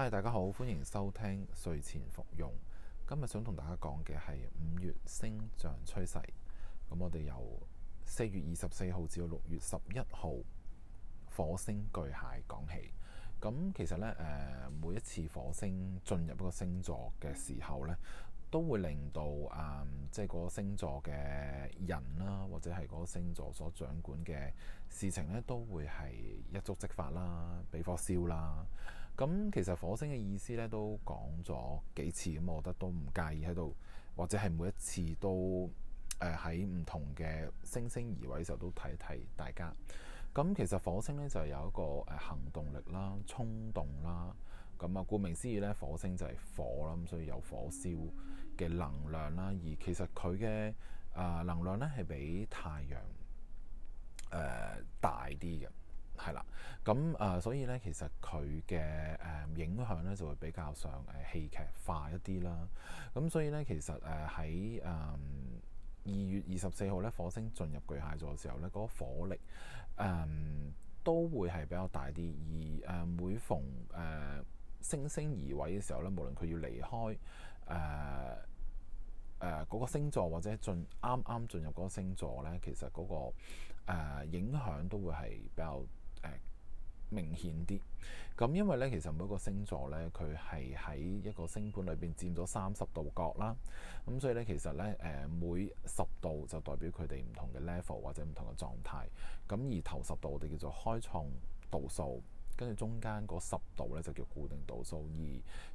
嗨，Hi, 大家好，歡迎收聽睡前服用。今日想同大家講嘅係五月星象趨勢。咁我哋由四月二十四號至到六月十一號，火星巨蟹講起。咁其實呢，誒、呃，每一次火星進入一個星座嘅時候呢，都會令到啊，即係嗰個星座嘅人啦，或者係嗰個星座所掌管嘅事情呢，都會係一觸即發啦，俾火燒啦。咁其實火星嘅意思咧都講咗幾次，咁我覺得都唔介意喺度，或者係每一次都誒喺唔同嘅星星移位時候都睇睇大家。咁其實火星咧就有一個誒行動力啦、衝動啦。咁啊，顧名思義咧，火星就係火啦，咁所以有火燒嘅能量啦。而其實佢嘅啊能量咧係比太陽誒、呃、大啲嘅。係啦，咁誒、嗯，所以咧，其實佢嘅誒影響咧就會比較上誒戲劇化一啲啦。咁所以咧，其實誒喺誒二月二十四號咧，火星進入巨蟹座嘅時候咧，嗰、嗰個火力誒、嗯、都會係比較大啲。而誒每逢誒、呃、星星移位嘅時候咧，無論佢要離開誒誒嗰個星座，或者進啱啱進入嗰個星座咧，其實嗰、嗰個、呃、影響都會係比較明顯啲，咁因為咧，其實每一個星座咧，佢係喺一個星盤裏邊佔咗三十度角啦，咁所以咧，其實咧，誒每十度就代表佢哋唔同嘅 level 或者唔同嘅狀態，咁而頭十度我哋叫做開創度數，跟住中間嗰十度咧就叫固定度數，而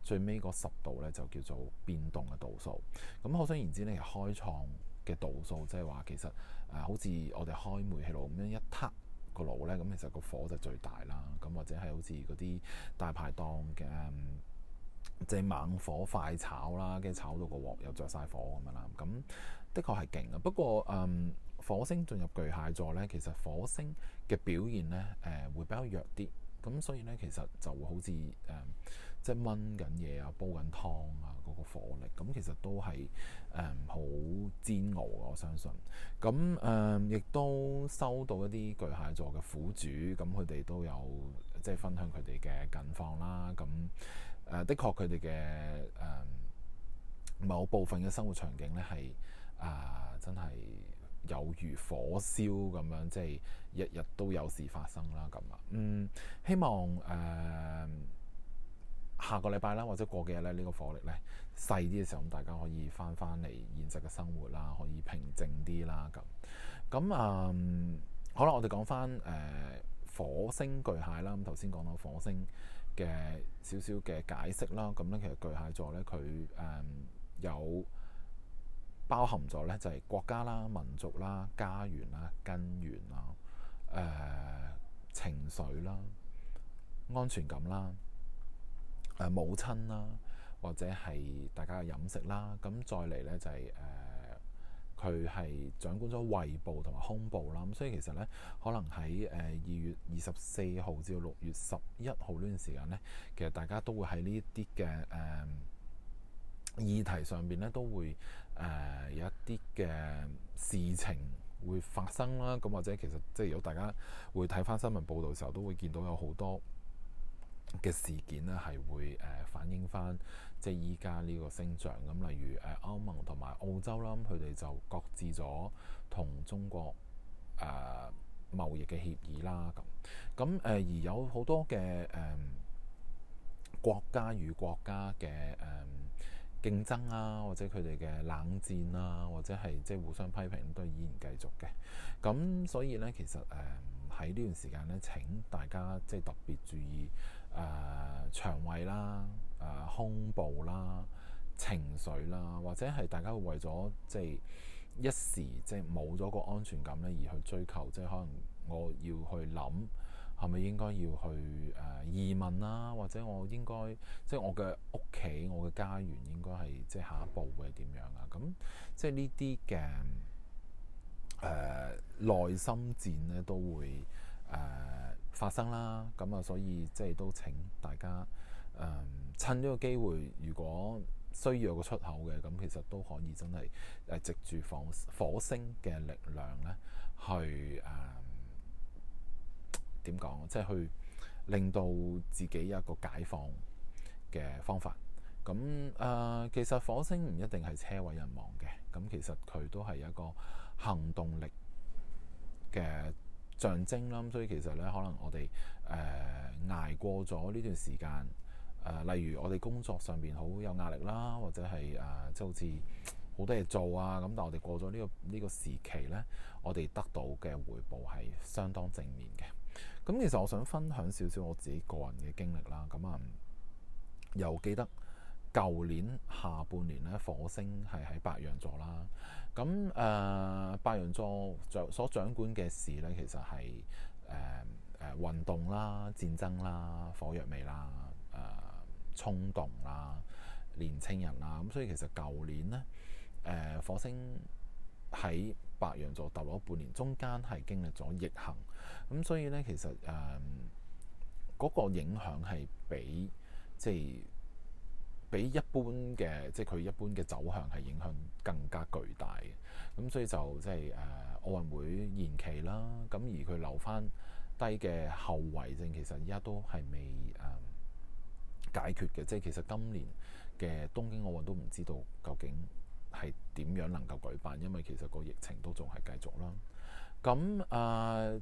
最尾嗰十度咧就叫做變動嘅度數。咁可想而知咧，開創嘅度數即係話其實誒好似我哋開煤氣爐咁樣一撻。個爐咧，咁其實個火就最大啦。咁或者係好似嗰啲大排檔嘅，即係猛火快炒啦，跟住炒到個鑊又着晒火咁樣啦。咁的確係勁啊。不過，嗯，火星進入巨蟹座咧，其實火星嘅表現咧，誒、呃、會比較弱啲。咁所以咧，其實就會好似誒。呃即係燜緊嘢啊，煲緊湯啊，嗰、那個火力，咁其實都係誒好煎熬嘅，我相信。咁誒亦都收到一啲巨蟹座嘅苦主，咁佢哋都有即係分享佢哋嘅近況啦。咁誒、呃，的確佢哋嘅誒某部分嘅生活場景咧係啊，真係有如火燒咁樣，即係日日都有事發生啦。咁啊，嗯，希望誒。呃下個禮拜啦，或者過幾日咧，呢、這個火力咧細啲嘅時候，咁大家可以翻翻嚟現實嘅生活啦，可以平靜啲啦，咁咁啊，好啦，我哋講翻誒火星巨蟹啦，咁頭先講到火星嘅少少嘅解釋啦，咁咧其實巨蟹座咧佢誒有包含咗咧就係國家啦、民族啦、家園啦、根源啊、誒、呃、情緒啦、安全感啦。母親啦，或者係大家嘅飲食啦，咁再嚟呢、就是，就係誒佢係掌管咗胃部同埋胸部啦，咁所以其實呢，可能喺誒二月二十四號至到六月十一號呢段時間呢，其實大家都會喺呢啲嘅誒議題上面呢，都會誒、呃、有一啲嘅事情會發生啦，咁或者其實即係如果大家會睇翻新聞報導嘅時候，都會見到有好多。嘅事件咧，係會誒反映翻即係依家呢個星象。咁，例如誒歐盟同埋澳洲啦，佢哋就擱置咗同中國誒貿、呃、易嘅協議啦。咁咁誒而有好多嘅誒、呃、國家與國家嘅誒競爭啊，或者佢哋嘅冷戰啊，或者係即係互相批評都係依然繼續嘅。咁所以咧，其實誒喺呢段時間咧，請大家即係特別注意腸胃啦、誒胸部啦、情緒啦，或者係大家為咗即係一時即係冇咗個安全感咧，而去追求即係可能我要去諗係咪應該要去誒、呃、移民啦，或者我應該即係我嘅屋企、我嘅家園應該係即係下一步會係點樣啊？咁即係呢啲嘅誒內心戰咧都會誒。呃發生啦，咁啊，所以即係都請大家誒、嗯、趁呢個機會，如果需要有個出口嘅，咁其實都可以真係誒藉住火火星嘅力量咧，去誒點講，即係去令到自己有一個解放嘅方法。咁誒、呃，其實火星唔一定係車毀人亡嘅，咁其實佢都係有一個行動力嘅。上徵啦，所以其實咧，可能我哋誒捱過咗呢段時間誒、呃，例如我哋工作上邊好有壓力啦，或者係誒即係好似好多嘢做啊，咁但係我哋過咗呢、呢個呢、呢個時期咧，我哋得到嘅回報係相當正面嘅。咁其實我想分享少少我自己個人嘅經歷啦。咁啊，又記得舊年下半年咧，火星係喺白羊座啦。咁誒、呃，白羊座掌所掌管嘅事咧，其實係誒誒運動啦、戰爭啦、火藥味啦、誒、呃、衝動啦、年青人啦。咁所以其實舊年咧，誒、呃、火星喺白羊座逗落半年，中間係經歷咗逆行，咁所以咧，其實誒嗰、呃那個影響係比即。即比一般嘅，即係佢一般嘅走向係影響更加巨大嘅。咁所以就即係誒奧運會延期啦，咁而佢留翻低嘅後遺症，其實依家都係未誒、呃、解決嘅，即係其實今年嘅東京奧運都唔知道究竟係點樣能夠舉辦，因為其實個疫情都仲係繼續啦，咁誒、呃、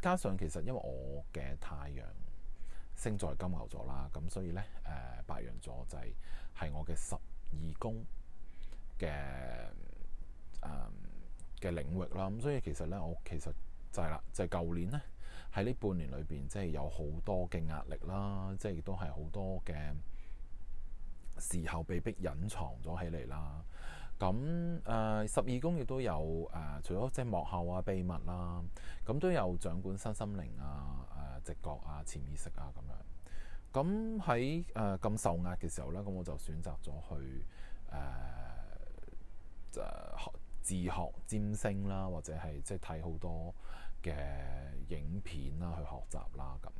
加上其實因為我嘅太陽。星在金牛座啦，咁所以咧，誒白羊座就係係我嘅十二宮嘅誒嘅領域啦。咁所以其實咧，我其實就係啦，就係、是、舊年咧喺呢半年裏邊，即係有好多嘅壓力啦，即係亦都係好多嘅時候被逼隱藏咗起嚟啦。咁誒、呃、十二宮亦都有誒、呃，除咗即係幕後啊秘密啦、啊，咁都有掌管身心靈啊。直覺啊、潛意識啊咁樣，咁喺誒咁受壓嘅時候呢，咁我就選擇咗去誒誒、呃、自學占星啦、啊，或者係即係睇好多嘅影片啦、啊，去學習啦、啊、咁。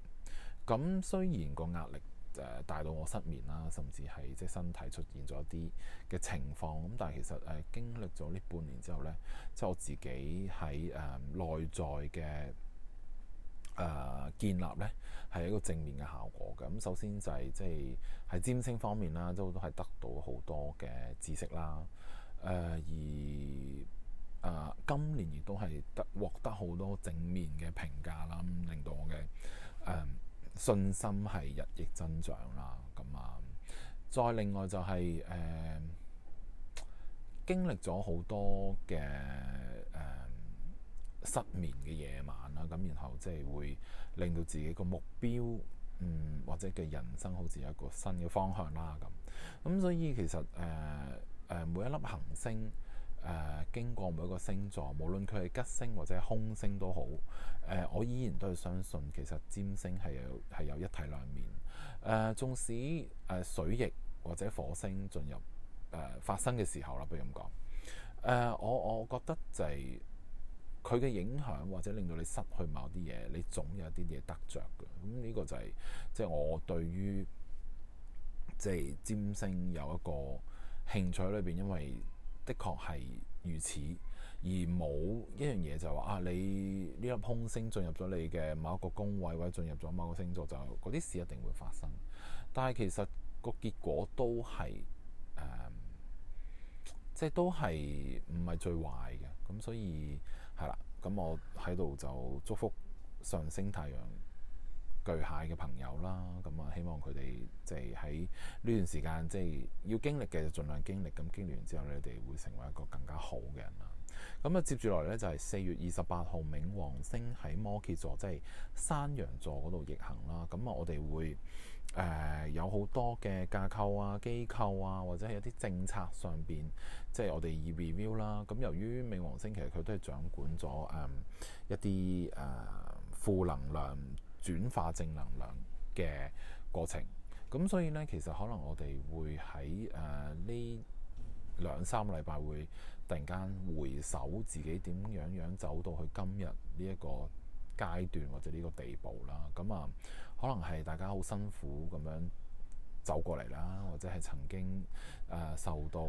咁雖然個壓力誒、呃、大到我失眠啦、啊，甚至係即係身體出現咗啲嘅情況，咁但係其實誒、呃、經歷咗呢半年之後呢，即、就、係、是、我自己喺誒、呃、內在嘅。誒、呃、建立呢係一個正面嘅效果嘅，咁首先就係即係喺占星方面啦，都都係得到好多嘅知識啦，誒、呃、而、呃、今年亦都係得獲得好多正面嘅評價啦，令到我嘅、呃、信心係日益增長啦，咁、嗯、啊，再另外就係、是、誒、呃、經歷咗好多嘅。失眠嘅夜晚啦，咁然後即係會令到自己個目標，嗯或者嘅人生好似有一個新嘅方向啦咁。咁所以其實誒誒、呃呃、每一粒行星誒、呃、經過每一個星座，無論佢係吉星或者空星都好，誒、呃、我依然都係相信其實占星係有係有一體兩面。誒、呃、縱使誒、呃、水逆或者火星進入誒、呃、發生嘅時候啦，不如咁講。誒、呃、我我覺得就係、是。佢嘅影響或者令到你失去某啲嘢，你總有啲嘢得着嘅。咁呢個就係即係我對於即係占星有一個興趣裏邊，因為的確係如此。而冇一樣嘢就話、是、啊，你呢粒空星進入咗你嘅某一個宮位，或者進入咗某個星座，就嗰啲事一定會發生。但係其實個結果都係即係都係唔係最壞嘅。咁所以。係啦，咁、嗯、我喺度就祝福上升太陽巨蟹嘅朋友啦，咁啊希望佢哋即係喺呢段時間即係要經歷嘅就盡量經歷，咁經歷完之後你哋會成為一個更加好嘅人啦。咁、嗯、啊接住落嚟咧就係四月二十八號，冥王星喺摩羯座，即係山羊座嗰度逆行啦。咁、嗯、啊我哋會。誒、呃、有好多嘅架構啊、機構啊，或者係一啲政策上邊，即係我哋以 review 啦。咁由於冥王星其實佢都係掌管咗誒、嗯、一啲誒負能量轉化正能量嘅過程。咁所以呢，其實可能我哋會喺誒呢兩三個禮拜會突然間回首自己點樣樣走到去今日呢一個階段或者呢個地步啦。咁啊～可能係大家好辛苦咁樣走過嚟啦，或者係曾經誒、呃、受到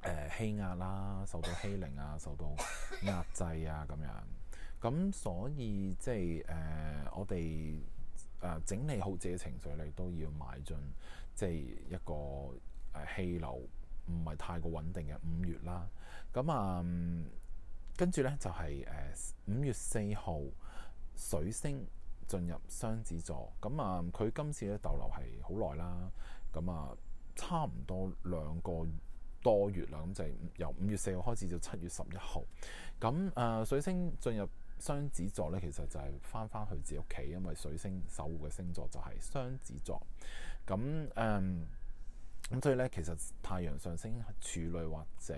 誒欺、呃、壓啦，受到欺凌啊，受到壓制啊咁樣。咁所以即係誒、呃、我哋誒、呃、整理好自己嘅情緒，你都要買進即係一個誒、呃、氣流唔係太過穩定嘅五月啦。咁啊，跟住咧就係誒五月四號水星。進入雙子座咁啊！佢今次咧逗留係好耐啦，咁啊差唔多兩個多月啦。咁就由五月四號開始到，就七月十一號咁。誒水星進入雙子座咧，其實就係翻翻去自己屋企，因為水星守護嘅星座就係雙子座。咁誒咁，所以咧其實太陽上升處女或者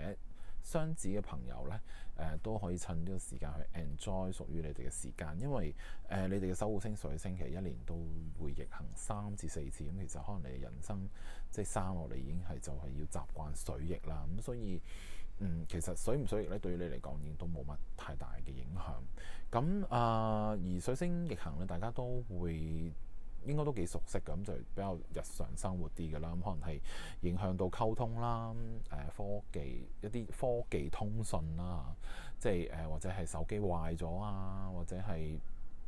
雙子嘅朋友呢，誒、呃、都可以趁呢個時間去 enjoy 屬於你哋嘅時間，因為誒、呃、你哋嘅守護星水星其實一年都會逆行三至四次，咁、嗯、其實可能你人生即係生落嚟已經係就係要習慣水逆啦，咁所以嗯，其實水唔水逆呢，對於你嚟講已經都冇乜太大嘅影響，咁啊、呃、而水星逆行呢，大家都會。應該都幾熟悉㗎，咁就比較日常生活啲嘅啦。咁可能係影響到溝通啦，誒、呃、科技一啲科技通訊啦，即係誒、呃、或者係手機壞咗啊，或者係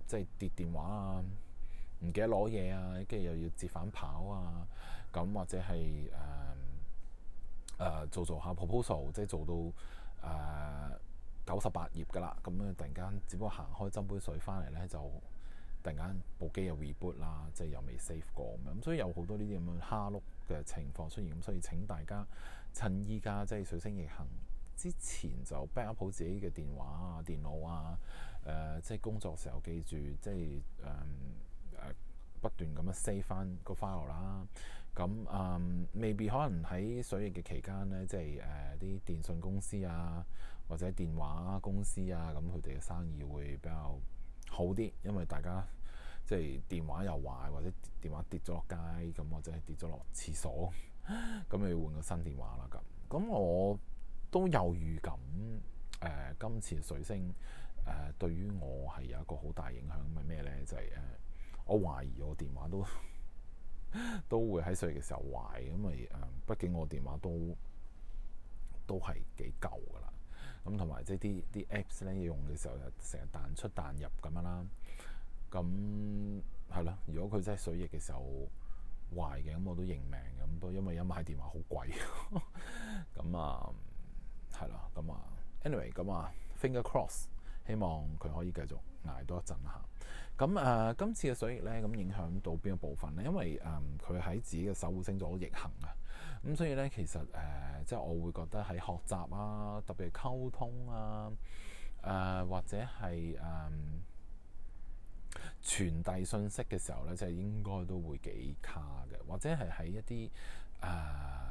即係跌電話啊，唔記得攞嘢啊，跟住又要折返跑啊，咁或者係誒誒做做下 proposal，即係做到誒九十八頁㗎啦。咁樣突然間，只不過行開斟杯水翻嚟咧就～突然間部機又 reboot 啦，即係又未 save 過咁，所以有好多呢啲咁樣蝦碌嘅情況出現，咁所以請大家趁依家即係水星逆行之前就 backup 好自己嘅電話啊、電腦啊，誒、呃、即係工作時候記住即係誒誒不斷咁樣 save 返個 file 啦。咁誒、呃，未必可能喺水逆嘅期間咧，即係誒啲電信公司啊或者電話、啊、公司啊，咁佢哋嘅生意會比較好啲，因為大家即係電話又壞或者電話跌咗落街，咁或者跌咗落廁所，咁你要換個新電話啦。咁，咁我都有預感，誒、呃、今次水星誒、呃、對於我係有一個好大影響係咩咧？就係、是、誒、呃、我懷疑我電話都都會喺水嘅時候壞，因為誒畢、呃、竟我電話都都係幾舊噶啦。咁同埋即係啲啲 Apps 咧，用嘅時候又成日彈出彈入咁樣啦。咁係咯，如果佢真係水逆嘅時候壞嘅，咁我都認命嘅。咁都因為一買電話好貴。咁啊，係咯，咁啊，anyway，咁啊，Finger Cross，希望佢可以繼續捱多一陣啦。咁誒、啊，今次嘅水逆咧，咁影響到邊個部分咧？因為誒，佢、嗯、喺自己嘅守護星座好逆行啊。咁所以咧，其實誒、呃，即係我會覺得喺學習啊，特別係溝通啊，誒、呃、或者係誒、呃、傳遞信息嘅時候咧，即、就、係、是、應該都會幾卡嘅，或者係喺一啲誒、呃、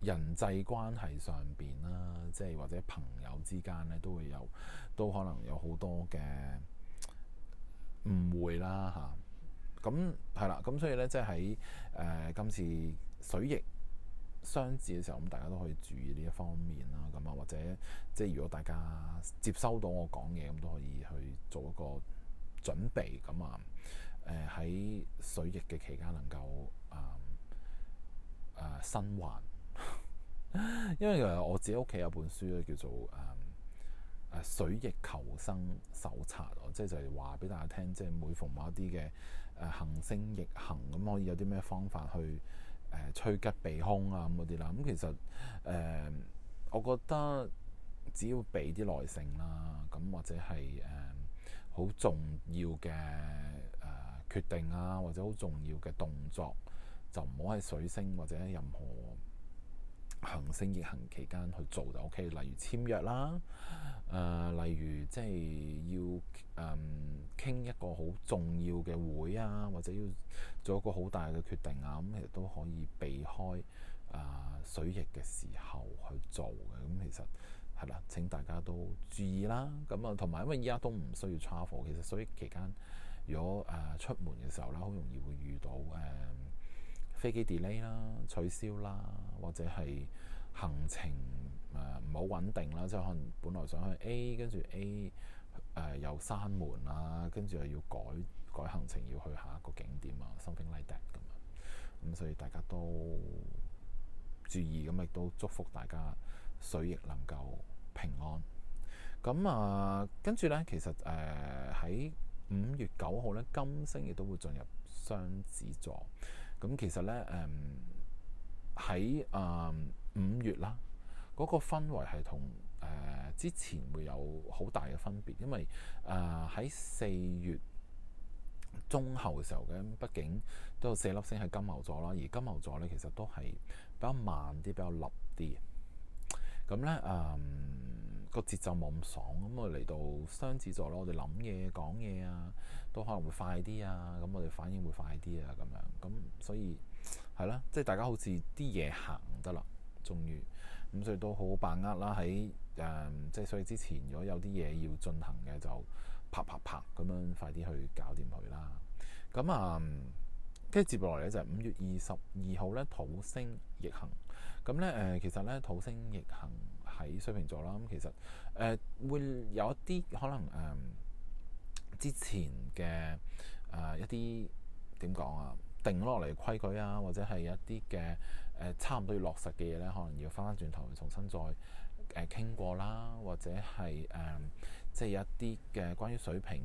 人際關係上邊啦、啊，即係或者朋友之間咧都會有都可能有好多嘅誤會啦嚇。咁係啦，咁、嗯、所以咧，即係喺誒今次水逆相至嘅時候，咁大家都可以注意呢一方面啦。咁啊，或者即係如果大家接收到我講嘢，咁都可以去做一個準備。咁啊，誒、呃、喺水逆嘅期間能夠誒誒、呃呃、生還。 因為誒我自己屋企有本書咧，叫做誒誒、呃、水逆求生手冊。我即係就係話俾大家聽，即係每逢某一啲嘅誒行星逆行，咁可以有啲咩方法去？誒、呃、趨吉避凶啊咁嗰啲啦，咁其實誒、呃，我覺得只要俾啲耐性啦，咁或者係誒好重要嘅誒、呃、決定啊，或者好重要嘅動作，就唔好喺水星或者任何行星逆行期間去做就 OK。例如簽約啦。誒、呃，例如即係要誒傾、嗯、一個好重要嘅會啊，或者要做一個好大嘅決定啊，咁、嗯、其實都可以避開啊、呃、水逆嘅時候去做嘅。咁、嗯、其實係啦，請大家都注意啦。咁啊，同埋因為依家都唔需要 travel，其實水逆期間如果誒、呃、出門嘅時候啦，好容易會遇到誒、呃、飛機 delay 啦、取消啦，或者係行程，誒唔好穩定啦，即係可能本來想去 A，跟住 A 誒、呃、又關門啦，跟住又要改改行程，要去下一個景點啊，something like that 咁。咁、嗯、所以大家都注意咁，亦都祝福大家水逆能夠平安。咁、嗯、啊、嗯，跟住咧，其實誒喺五月九號咧，金星亦都會進入雙子座。咁、嗯、其實咧，誒喺誒五月啦。嗰個氛圍係同誒之前會有好大嘅分別，因為誒喺四月中後嘅時候嘅，畢竟都有四粒星喺金牛座啦。而金牛座咧，其實都係比較慢啲、比較立啲。咁咧誒個節奏冇咁爽，咁我嚟到雙子座咯。我哋諗嘢、講嘢啊，都可能會快啲啊。咁我哋反應會快啲啊，咁樣咁，所以係啦，即係大家好似啲嘢行得啦，終於。咁所以都好好把握啦，喺誒、呃、即係所以之前如果有啲嘢要進行嘅，就啪啪啪咁樣快啲去搞掂佢啦。咁、嗯、啊，跟住接落嚟咧就係五月二十二號咧，土星逆行。咁咧誒，其實咧土星逆行喺水瓶座啦。咁其實誒、呃、會有一啲可能誒、呃、之前嘅誒、呃、一啲點講啊，定落嚟規矩啊，或者係有一啲嘅。誒差唔多要落實嘅嘢咧，可能要返返轉頭重新再誒傾、呃、過啦，或者係誒即係有一啲嘅關於水平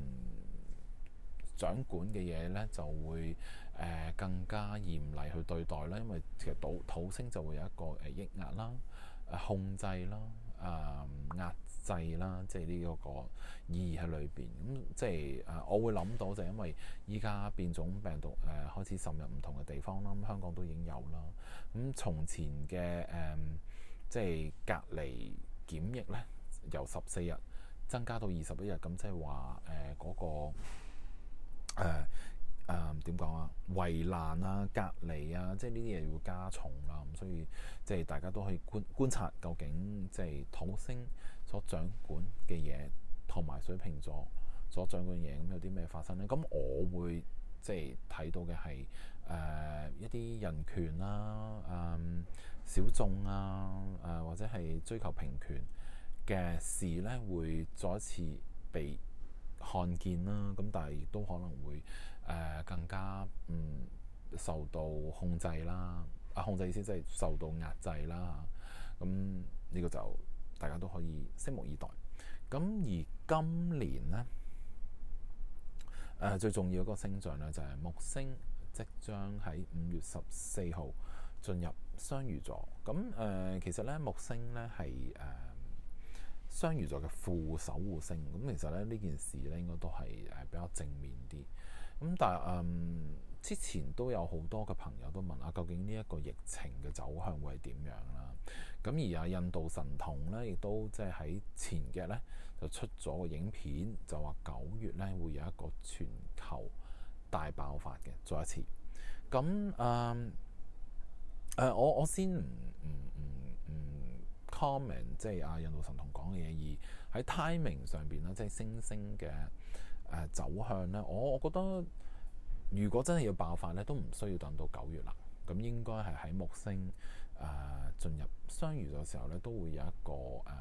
掌管嘅嘢咧，就會誒、呃、更加嚴厲去對待啦，因為其實土土星就會有一個誒、呃、抑壓啦、誒控制啦、誒、呃、壓制啦，即係呢一個意義喺裏邊咁，即係誒、呃，我會諗到就因為依家變種病毒誒、呃、開始滲入唔同嘅地方啦、嗯。香港都已經有啦。咁、嗯、從前嘅誒、呃，即係隔離檢疫咧，由十四日增加到二十一日，咁、嗯、即係話誒嗰個誒誒點講啊？圍欄啊，隔離啊，即係呢啲嘢要加重啦、啊。咁所以即係大家都可以觀觀察究竟即係土星。所掌管嘅嘢，同埋水瓶座所掌管嘅嘢，咁有啲咩發生咧？咁我會即係睇到嘅係誒一啲人權啦、啊、嗯小眾啊、誒、呃、或者係追求平權嘅事咧，會再一次被看見啦。咁但係亦都可能會誒、呃、更加嗯受到控制啦。啊，控制意思即係受到壓制啦。咁呢個就。大家都可以拭目以待。咁而今年呢，誒、呃、最重要嗰個星象呢，就係木星即將喺五月十四號進入雙魚座。咁、嗯、誒、呃、其實呢，木星呢係誒雙魚座嘅副守護星。咁、嗯、其實呢呢件事呢應該都係誒比較正面啲。咁但係嗯。之前都有好多嘅朋友都問下啊，究竟呢一個疫情嘅走向會係點樣啦？咁而啊，印度神童呢，亦都即係喺前日呢，就出咗個影片，就話九月呢會有一個全球大爆發嘅，再一次。咁誒誒，我我先唔唔唔唔 comment 即係啊印度神童講嘅嘢，而喺 timing 上邊呢，即係星星嘅誒走向呢，我我覺得。如果真係要爆發呢都唔需要等到九月啦。咁應該係喺木星誒、呃、進入雙魚嘅時候呢都會有一個誒、呃、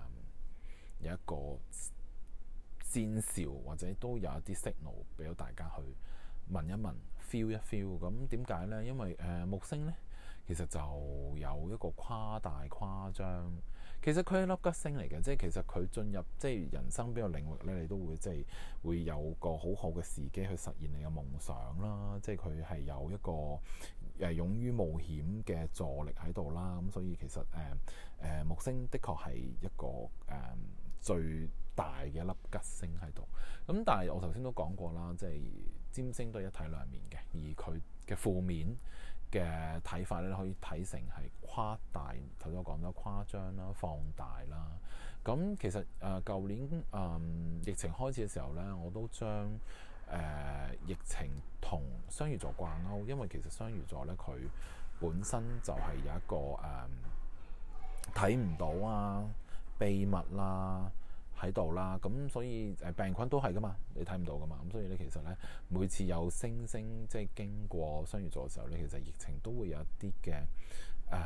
有一個先兆或者都有一啲息怒俾到大家去問一問 ，feel 一 feel。咁點解呢？因為誒、呃、木星呢，其實就有一個誇大誇張。其實佢係一粒吉星嚟嘅，即係其實佢進入即係人生邊個領域咧，你都會即係會有個好好嘅時機去實現你嘅夢想啦。即係佢係有一個誒勇於冒險嘅助力喺度啦。咁所以其實誒誒、呃呃、木星的確係一個誒、呃、最大嘅一粒吉星喺度。咁但係我頭先都講過啦，即係占星都係一體兩面嘅，而佢嘅負面嘅睇法咧，可以睇成係誇大，頭先我講咗誇張啦、放大啦。咁其實誒舊、呃、年誒、呃、疫情開始嘅時候咧，我都將誒、呃、疫情同雙魚座掛鈎，因為其實雙魚座咧佢本身就係有一個誒睇唔到啊、秘密啦、啊。喺度啦，咁所以誒病菌都係㗎嘛，你睇唔到㗎嘛，咁所以咧其實咧每次有星星即係經過雙魚座嘅時候咧，其實疫情都會有一啲嘅誒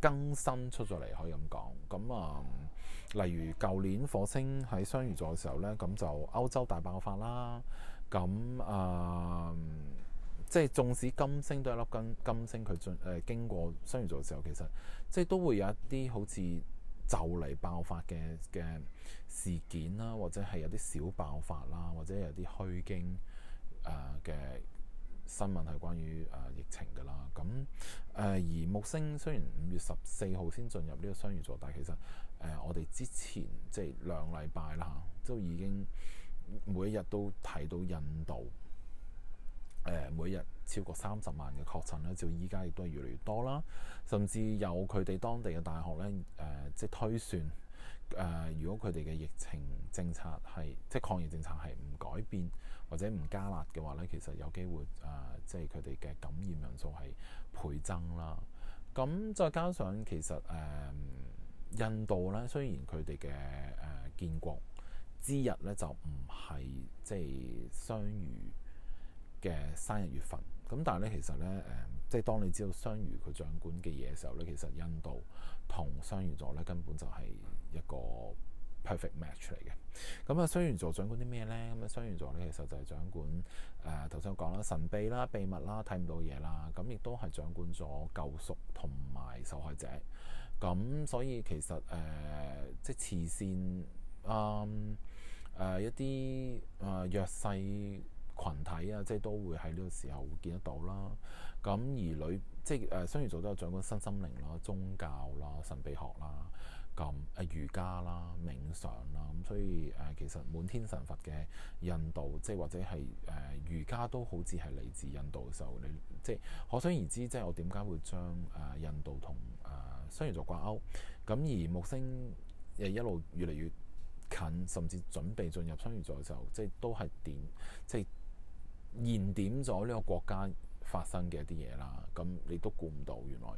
更新出咗嚟，可以咁講。咁啊、呃，例如舊年火星喺雙魚座嘅時候咧，咁就歐洲大爆發啦。咁啊、呃，即係縱使金星都一粒金金星佢進誒、呃、經過雙魚座嘅時候，其實即係都會有一啲好似，就嚟爆發嘅嘅事件啦，或者係有啲小爆發啦，或者有啲虛驚誒嘅新聞係關於誒疫情㗎喇。咁誒而木星雖然五月十四號先進入呢個雙魚座，但係其實誒、呃、我哋之前即係兩禮拜啦嚇，都已經每一日都睇到印度。誒每日超過三十萬嘅確診咧，就依家亦都係越嚟越多啦。甚至有佢哋當地嘅大學咧，誒、呃、即係推算，誒、呃、如果佢哋嘅疫情政策係即係抗疫政策係唔改變或者唔加辣嘅話咧，其實有機會誒、呃、即係佢哋嘅感染人數係倍增啦。咁再加上其實誒、呃、印度咧，雖然佢哋嘅誒建國之日咧就唔係即係雙魚嘅生日月份，咁但係咧，其實咧，誒、嗯，即係當你知道雙魚佢掌管嘅嘢嘅時候咧，其實印度同雙魚座咧根本就係一個 perfect match 嚟嘅。咁啊，雙魚座掌管啲咩咧？咁啊，雙魚座咧其實就係掌管誒頭先我講啦，神秘啦、秘密啦、睇唔到嘢啦，咁亦都係掌管咗救贖同埋受害者。咁所以其實誒、呃，即係慈善啊，誒、嗯呃、一啲誒、呃、弱勢。睇啊，即係都會喺呢個時候見得到啦。咁而女即係誒雙魚座都有掌管身心靈啦、宗教啦、神秘學啦、咁、呃、誒瑜伽啦、冥想啦。咁所以誒其實滿天神佛嘅印度，即係或者係誒、呃、瑜伽都好似係嚟自印度嘅時候。你即係可想而知，即係我點解會將誒、呃、印度同誒雙魚座掛鈎。咁，而木星誒一路越嚟越近，甚至準備進入雙魚座嘅時候，即係都係點即係。就是燃點咗呢個國家發生嘅一啲嘢啦，咁你都估唔到，原來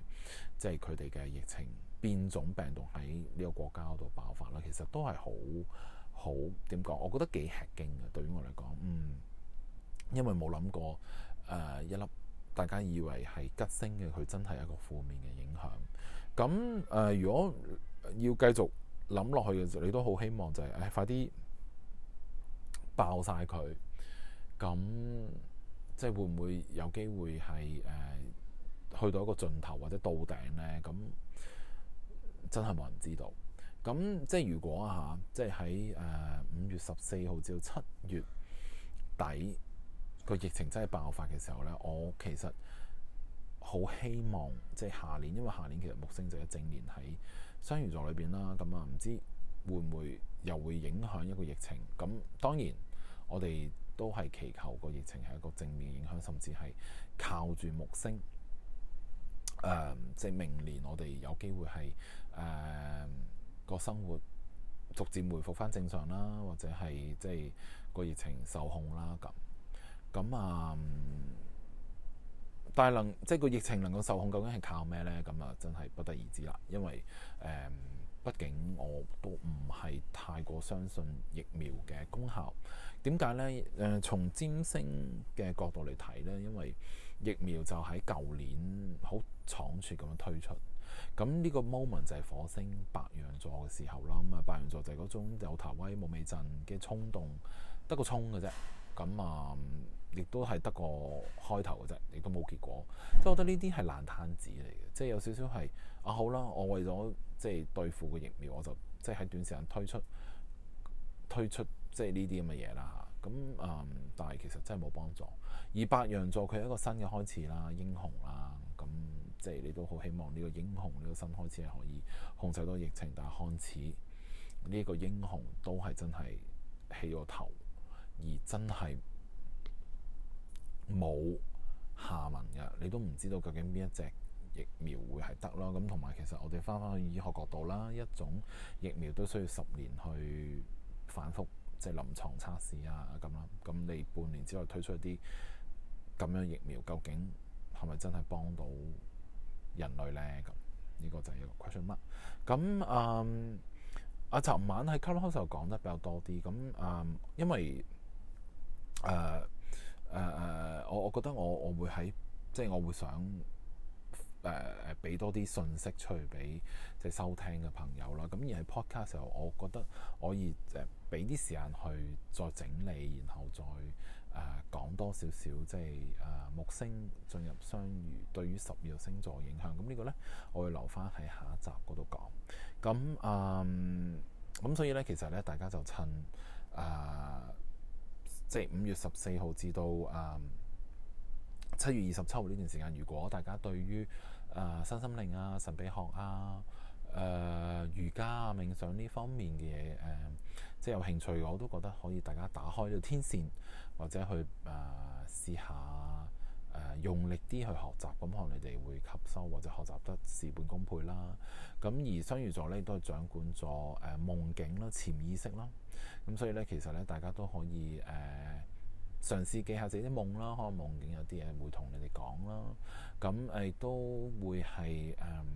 即係佢哋嘅疫情變種病毒喺呢個國家嗰度爆發啦。其實都係好好點講，我覺得幾吃驚嘅。對於我嚟講，嗯，因為冇諗過誒、呃、一粒，大家以為係吉星嘅，佢真係一個負面嘅影響。咁誒、呃，如果要繼續諗落去嘅時候，你都好希望就係、是、誒快啲爆晒佢。咁即係會唔會有機會係誒、呃、去到一個盡頭或者到頂呢？咁真係冇人知道。咁即係如果啊，吓即係喺誒五月十四號至到七月底個疫情真係爆發嘅時候呢，我其實好希望即係下年，因為下年其實木星就一整年喺雙魚座裏邊啦。咁啊，唔知會唔會又會影響一個疫情？咁當然我哋。都係祈求個疫情係一個正面影響，甚至係靠住木星，誒、呃，即係明年我哋有機會係誒、呃、個生活逐漸回復返正常啦，或者係即係個疫情受控啦咁。咁啊，但係能即係個疫情能夠受控，究竟係靠咩咧？咁啊，就真係不得而知啦，因為誒，呃畢竟我都唔係太過相信疫苗嘅功效，點解咧？誒、呃，從占星嘅角度嚟睇咧，因為疫苗就喺舊年好倉促咁樣推出，咁呢個 moment 就係火星白羊座嘅時候啦。咁啊，白羊座就係嗰種有頭威冇尾陣嘅衝動，得個衝嘅啫。咁啊，亦、嗯、都係得個開頭嘅啫，亦都冇結果。即我覺得呢啲係爛攤子嚟嘅，即、就、係、是、有少少係啊好啦，我為咗。即係對付個疫苗，我就即係喺短時間推出推出即係呢啲咁嘅嘢啦嚇。咁誒，但係其實真係冇幫助。而白羊座佢係一個新嘅開始啦，英雄啦。咁即係你都好希望呢個英雄呢個新開始係可以控制到疫情，但係看似呢個英雄都係真係起咗頭，而真係冇下文嘅。你都唔知道究竟邊一隻疫苗會係得咯，咁同埋其實我哋翻翻去醫學角度啦，一種疫苗都需要十年去反覆即係臨床測試啊咁啦，咁你半年之後推出一啲咁樣疫苗，究竟係咪真係幫到人類咧？咁呢個就係一個 question mark。咁嗯，啊，尋晚喺 closing 時候講得比較多啲，咁嗯，因為誒誒誒，我我覺得我我會喺即係我會想。誒誒，俾、呃、多啲信息出去俾即係收聽嘅朋友啦。咁而係 podcast 時候，我覺得可以誒，俾啲時間去再整理，然後再誒、呃、講多少少即係誒、呃、木星進入雙魚對於十二個星座影響。咁呢個咧，我會留翻喺下一集嗰度講。咁誒咁，呃、所以咧，其實咧，大家就趁誒即係五月十四號至到誒七、呃、月二十七號呢段時間，如果大家對於誒、呃、身心靈啊、神秘學啊、誒、呃、瑜伽啊、冥想呢方面嘅嘢，誒、呃、即係有興趣，我都覺得可以大家打開呢個天線，或者去誒試、呃、下誒、呃、用力啲去學習，咁可能你哋會吸收或者學習得事半功倍啦。咁而雙魚座咧亦都係掌管咗誒夢境啦、潛意識啦，咁所以咧其實咧大家都可以誒、呃嘗試記下自己啲夢啦，可能夢境有啲嘢會同你哋講啦，咁誒都會係誒、嗯、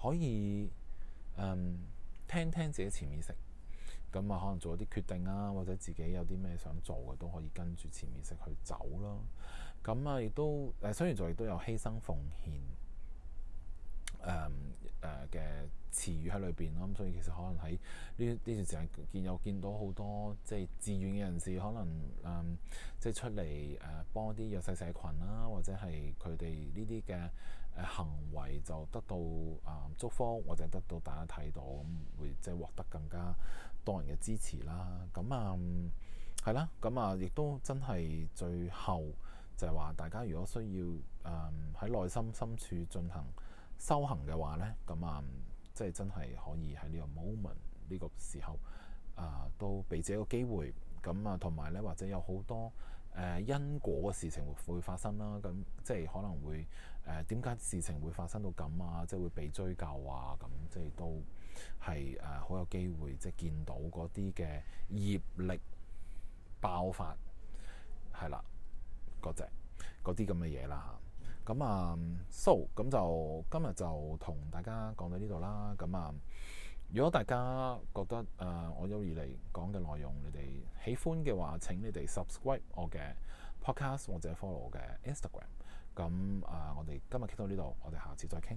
可以誒、嗯、聽聽自己潛意識，咁啊可能做一啲決定啊，或者自己有啲咩想做嘅都可以跟住潛意識去走咯，咁啊亦都誒雖然就亦都有犧牲奉獻。誒誒嘅詞語喺裏邊咯，咁、嗯呃嗯、所以其實可能喺呢呢段時間見有見到好多即係志願嘅人士，可能誒、嗯、即係出嚟誒、呃、幫啲弱勢社群啦，或者係佢哋呢啲嘅誒行為就得到誒、呃、祝福，或者得到大家睇到咁，會即係獲得更加多人嘅支持啦。咁、嗯、啊，係啦，咁啊，亦都真係最後就係話，大家如果需要誒喺、呃、內心深處進行。修行嘅話呢，咁啊，即係真係可以喺呢個 moment 呢個時候啊、呃，都俾自己一個機會。咁啊，同埋呢，或者有好多誒、呃、因果嘅事情會發生啦。咁即係可能會誒點解事情會發生到咁啊？即係會被追究啊。咁即係都係誒好有機會即係見到嗰啲嘅業力爆發係啦，嗰隻嗰啲咁嘅嘢啦嚇。咁啊，so 咁就今日就同大家講到呢度啦。咁啊，如果大家覺得誒我有而嚟講嘅內容你哋喜歡嘅話，請你哋 subscribe 我嘅 podcast 或者 follow 我嘅 Instagram。咁啊，我哋今日傾到呢度，我哋下次再傾。